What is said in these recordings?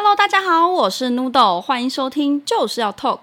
Hello，大家好，我是 Noodle，歡迎收聽，就是要 Talk。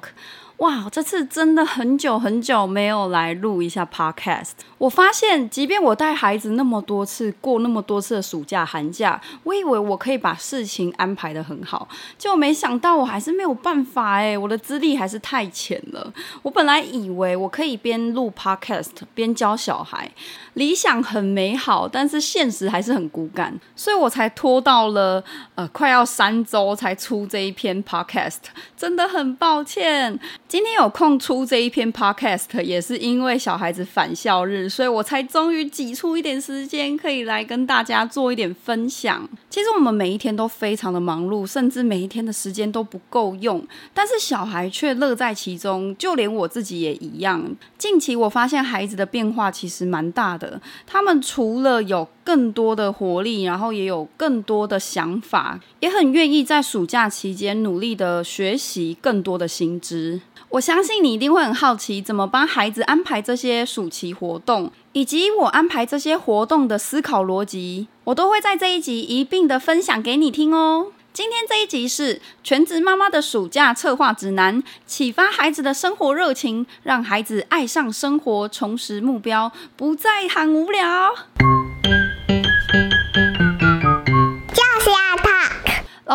哇，這次真的很久很久沒有來錄一下 Podcast。我發現，即便我帶孩子那麼多次，過那麼多次的暑假、寒假，我以為我可以把事情安排得很好，就沒想到我還是沒有辦法誒、欸，我的資歷還是太淺了。我本來以為我可以邊錄 Podcast 邊教小孩，理想很美好，但是現實還是很骨感，所以我才拖到了呃快要三週才出這一篇 Podcast，真的很抱歉。今天有空出這一篇 Podcast，也是因為小孩子返校日。所以我才終於擠出一點時間，可以來跟大家做一點分享。其實我們每一天都非常的忙碌，甚至每一天的時間都不夠用，但是小孩卻樂在其中，就連我自己也一樣。近期我發現孩子的變化其實蠻大的，他們除了有更多的活力，然後也有更多的想法，也很願意在暑假期間努力的學習更多的新知。我相信你一定會很好奇，怎麼幫孩子安排這些暑期活動，以及我安排這些活動的思考邏輯，我都會在這一集一併的分享給你聽哦。今天這一集是全職媽媽的暑假策劃指南，啟發孩子的生活熱情，讓孩子愛上生活，重拾目標，不再喊無聊。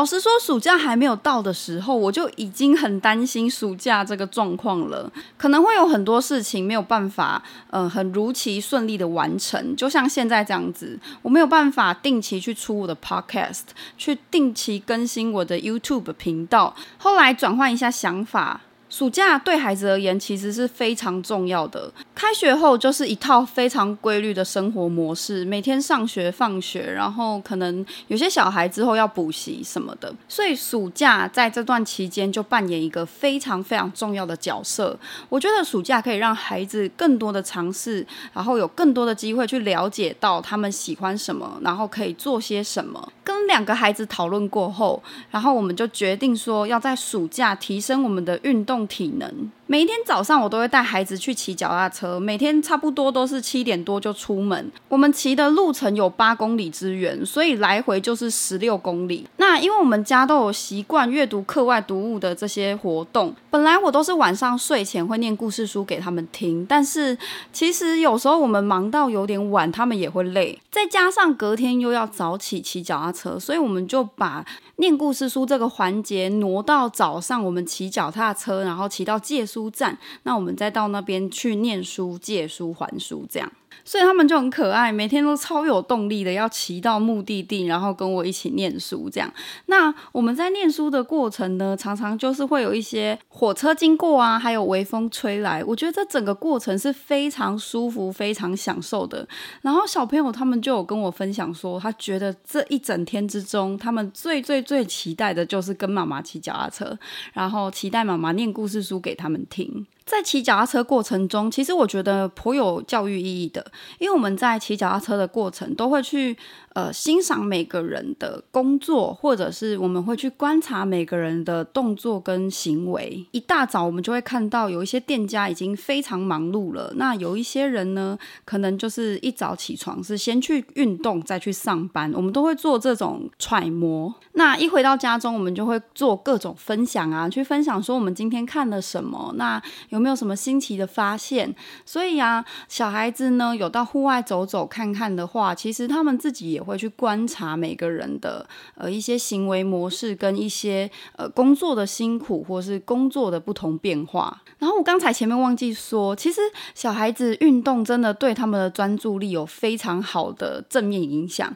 老實說，暑假還沒有到的時候，我就已經很擔心暑假這個狀況了。可能會有很多事情沒有辦法，嗯、呃，很如期順利的完成。就像現在這樣子，我沒有辦法定期去出我的 podcast，去定期更新我的 YouTube 頻道，後來轉換一下想法。暑假對孩子而言其實是非常重要的，開學後就是一套非常規律的生活模式，每天上學、放學，然後可能有些小孩之後要補習什麼的，所以暑假在這段期間就扮演一個非常非常重要的角色。我覺得暑假可以讓孩子更多的嘗試，然後有更多的機會去了解到他們喜歡什麼，然後可以做些什麼。跟兩個孩子討論過後，然後我們就決定說要在暑假提升我們的運動。體能。每一天早上我都會帶孩子去騎腳踏車，每天差不多都是七點多就出門。我們騎的路程有八公里之遠，所以來回就是十六公里。那因為我們家都有習慣閱讀課外讀物的這些活動，本來我都是晚上睡前會念故事書給他們聽，但是其實有時候我們忙到有點晚，他們也會累，再加上隔天又要早起騎腳踏車，所以我們就把念故事書這個環節挪到早上，我們騎腳踏車，然後騎到借書。書站，那我們再到那邊去念書，借書還書這樣，所以他們就很可愛，每天都超有動力的要騎到目的地，然後跟我一起念書這樣。那我們在念書的過程呢，常常就是會有一些火車經過啊，還有微風吹來，我覺得這整個過程是非常舒服、非常享受的。然後小朋友他們就有跟我分享說，他覺得這一整天之中，他們最最最期待的就是跟媽媽騎腳踏車，然後期待媽媽念故事書給他們。停。在騎腳踏車過程中，其實我覺得頗有教育意義的，因為我們在騎腳踏車的過程都會去呃欣賞每個人的工作，或者是我們會去觀察每個人的動作跟行為。一大早我們就會看到有一些店家已經非常忙碌了，那有一些人呢，可能就是一早起床是先去運動再去上班，我們都會做這種揣摩。那一回到家中，我們就會做各種分享啊，去分享說我們今天看了什麼，那有。有沒有什麼新奇的發現？所以啊，小孩子呢，有到戶外走走看看的話，其實他們自己也會去觀察每個人的呃一些行為模式跟一些呃工作的辛苦或是工作的不同變化。然後我剛才前面忘記說，其實小孩子運動真的對他們的專注力有非常好的正面影響。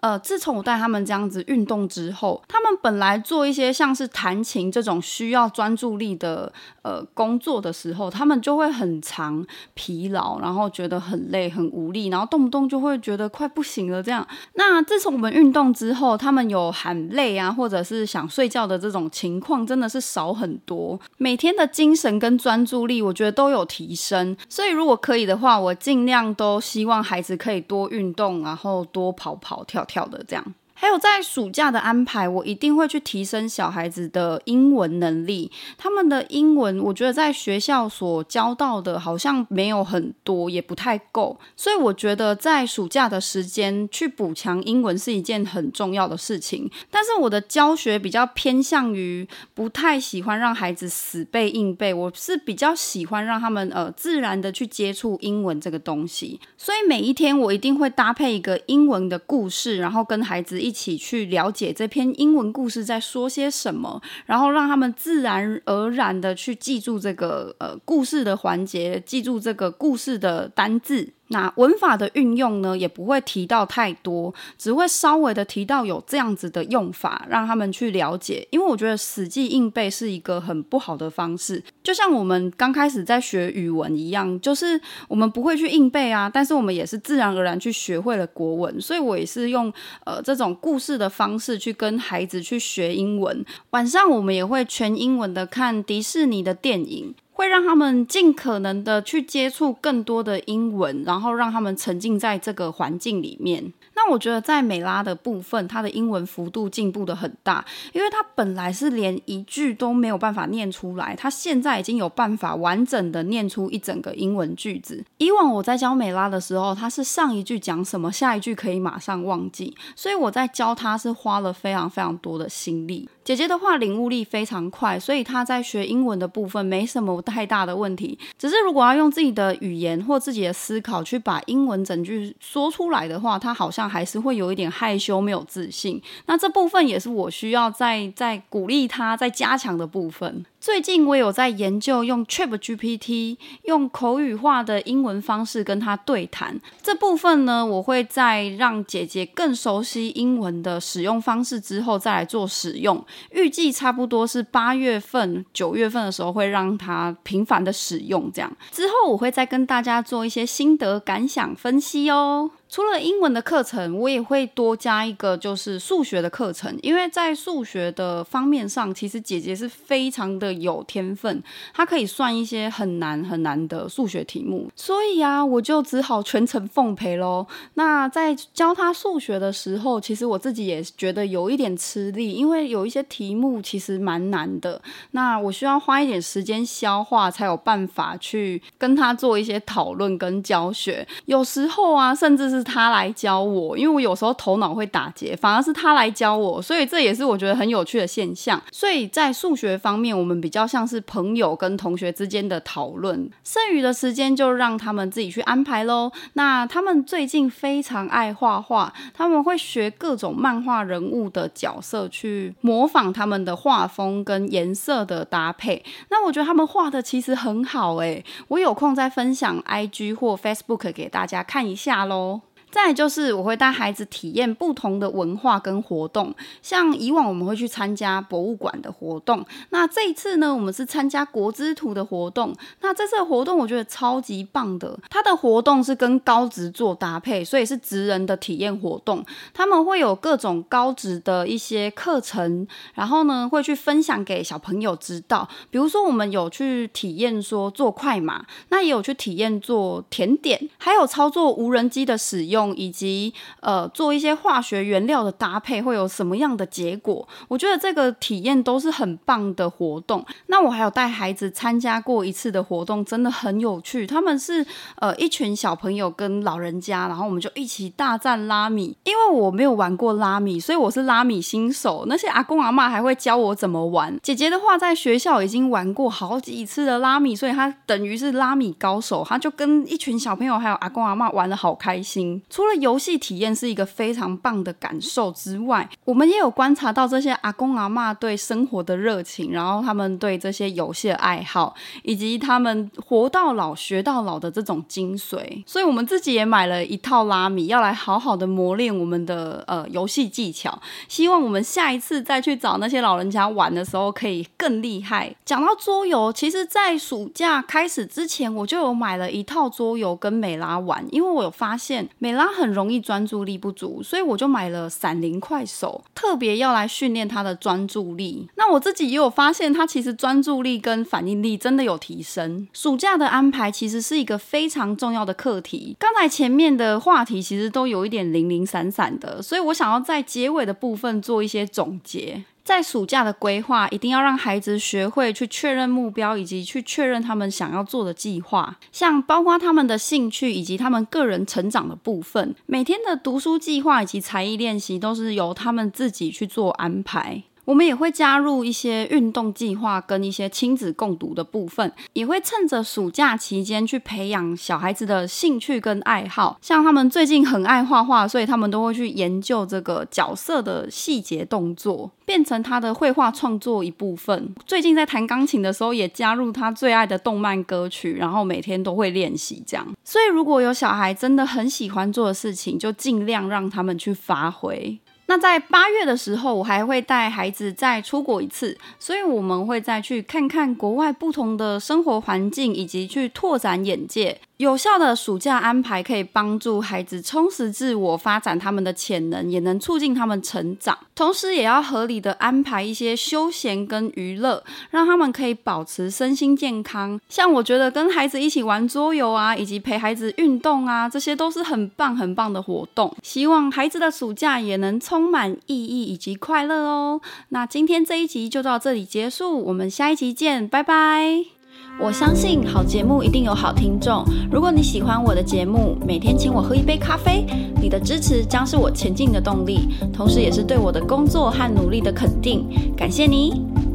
呃，自從我帶他們這樣子運動之後，他們本來做一些像是彈琴這種需要專注力的呃工作的時候，他們就會很常疲勞，然後覺得很累，很無力，然後動不動就會覺得快不行了這樣。那自從我們運動之後，他們有喊累啊，或者是想睡覺的這種情況，真的是少很多。每天的精神跟專注力，我覺得都有提升。所以如果可以的話，我盡量都希望孩子可以多運動，然後多跑跑跳跳的這樣。還有在暑假的安排，我一定會去提升小孩子的英文能力。他們的英文，我覺得在學校所教到的，好像沒有很多，也不太夠。所以我覺得在暑假的時間去補強英文是一件很重要的事情。但是我的教學比較偏向於不太喜歡讓孩子死背硬背，我是比較喜歡讓他們呃自然的去接觸英文這個東西。所以每一天我一定會搭配一個英文的故事，然後跟孩子一。一起去了解這篇英文故事在說些什麼，然後讓他們自然而然的去記住這個呃故事的環節，記住這個故事的單字。那文法的運用呢，也不會提到太多，只會稍微的提到有這樣子的用法，讓他們去了解。因為我覺得死記硬背是一個很不好的方式，就像我們剛開始在學語文一樣，就是我們不會去硬背啊，但是我們也是自然而然去學會了國文。所以我也是用呃這種故事的方式去跟孩子去學英文。晚上我們也會全英文的看迪士尼的電影。會讓他們盡可能的去接觸更多的英文，然後讓他們沉浸在這個環境裡面。那我覺得在美拉的部分，她的英文幅度進步的很大，因為她本來是連一句都沒有辦法念出來，她現在已經有辦法完整的念出一整個英文句子。以往我在教美拉的時候，她是上一句講什麼，下一句可以馬上忘記，所以我在教她是花了非常非常多的心力。姐姐的話領悟力非常快，所以她在學英文的部分沒什麼太大的問題。只是如果要用自己的語言或自己的思考去把英文整句說出來的話，她好像還是會有一點害羞、沒有自信。那這部分也是我需要再再鼓勵她、再加強的部分。最近我有在研究用 ChatGPT 用口語化的英文方式跟他對談，這部分呢，我會在讓姐姐更熟悉英文的使用方式之後再來做使用，預計差不多是八月份、九月份的時候會讓她頻繁的使用這樣，之後我會再跟大家做一些心得、感想分析哦。除了英文的課程，我也會多加一個，就是數學的課程。因為在數學的方面上，其實姐姐是非常的有天分，她可以算一些很難很難的數學題目。所以啊，我就只好全程奉陪嘍。那在教她數學的時候，其實我自己也覺得有一點吃力，因為有一些題目其實蠻難的。那我需要花一點時間消化，才有辦法去跟她做一些討論跟教學。有時候啊，甚至是是他來教我，因為我有時候頭腦會打結，反而是他來教我，所以這也是我覺得很有趣的現象。所以在數學方面，我們比較像是朋友跟同學之間的討論。剩餘的時間就讓他們自己去安排嘍。那他們最近非常愛畫畫，他們會學各種漫畫人物的角色去模仿他們的畫風跟顏色的搭配。那我覺得他們畫的其實很好誒、欸，我有空再分享 IG 或 Facebook 給大家看一下嘍。再來就是我會帶孩子體驗不同的文化跟活動，像以往我們會去參加博物館的活動，那這一次呢，我們是參加國資圖的活動。那這次的活動我覺得超級棒的，它的活動是跟高職做搭配，所以是職人的體驗活動。他們會有各種高職的一些課程，然後呢，會去分享給小朋友知道。比如說我們有去體驗說做快馬，那也有去體驗做甜點，還有操作無人機的使用。以及呃做一些化學原料的搭配會有什麼樣的結果？我覺得這個體驗都是很棒的活動。那我還有帶孩子參加過一次的活動，真的很有趣。他們是呃一群小朋友跟老人家，然後我們就一起大戰拉米。因為我沒有玩過拉米，所以我是拉米新手。那些阿公阿嬤還會教我怎麼玩。姐姐的話，在學校已經玩過好幾次的拉米，所以她等於是拉米高手。她就跟一群小朋友還有阿公阿嬤玩得好開心。除了遊戲體驗是一個非常棒的感受之外，我們也有觀察到這些阿公阿嬤對生活的熱情，然後他們對這些遊戲的愛好，以及他們活到老學到老的這種精髓。所以，我們自己也買了一套拉米，要來好好的磨練我們的呃遊戲技巧。希望我們下一次再去找那些老人家玩的時候，可以更厲害。講到桌遊，其實，在暑假開始之前，我就有買了一套桌遊跟美拉玩，因為我有發現美。他很容易專注力不足，所以我就買了《閃靈快手》，特別要來訓練他的專注力。那我自己也有發現，他其實專注力跟反應力真的有提升。暑假的安排其實是一個非常重要的課題。剛才前面的話題其實都有一點零零散散的，所以我想要在結尾的部分做一些總結。在暑假的規劃，一定要讓孩子學會去確認目標以及去確認他們想要做的計劃。像包括他們的興趣以及他們個人成長的部分，每天的讀書計劃以及才藝練習都是由他們自己去做安排。我們也會加入一些運動計劃跟一些親子共讀的部分，也會趁着暑假期間去培養小孩子的興趣跟愛好。像他們最近很愛畫畫，所以他們都會去研究這個角色的細節動作，變成他的繪畫創作一部分。最近在彈鋼琴的時候，也加入他最愛的動漫歌曲，然後每天都會練習這樣。所以如果有小孩真的很喜歡做的事情，就盡量讓他們去發揮。那在八月的時候，我還會帶孩子再出國一次，所以我們會再去看看國外不同的生活環境，以及去拓展眼界。有效的暑假安排可以幫助孩子充實自我，發展他們的潛能，也能促進他們成長。同時，也要合理的安排一些休閒跟娛樂，讓他們可以保持身心健康。像我覺得跟孩子一起玩桌遊啊，以及陪孩子運動啊，這些都是很棒很棒的活動。希望孩子的暑假也能充。充滿意義以及快樂哦。那今天這一集就到這裡結束，我們下一集見，拜拜。我相信好節目一定有好聽眾。如果你喜歡我的節目，每天請我喝一杯咖啡，你的支持將是我前進的動力，同時也是對我的工作和努力的肯定。感謝你。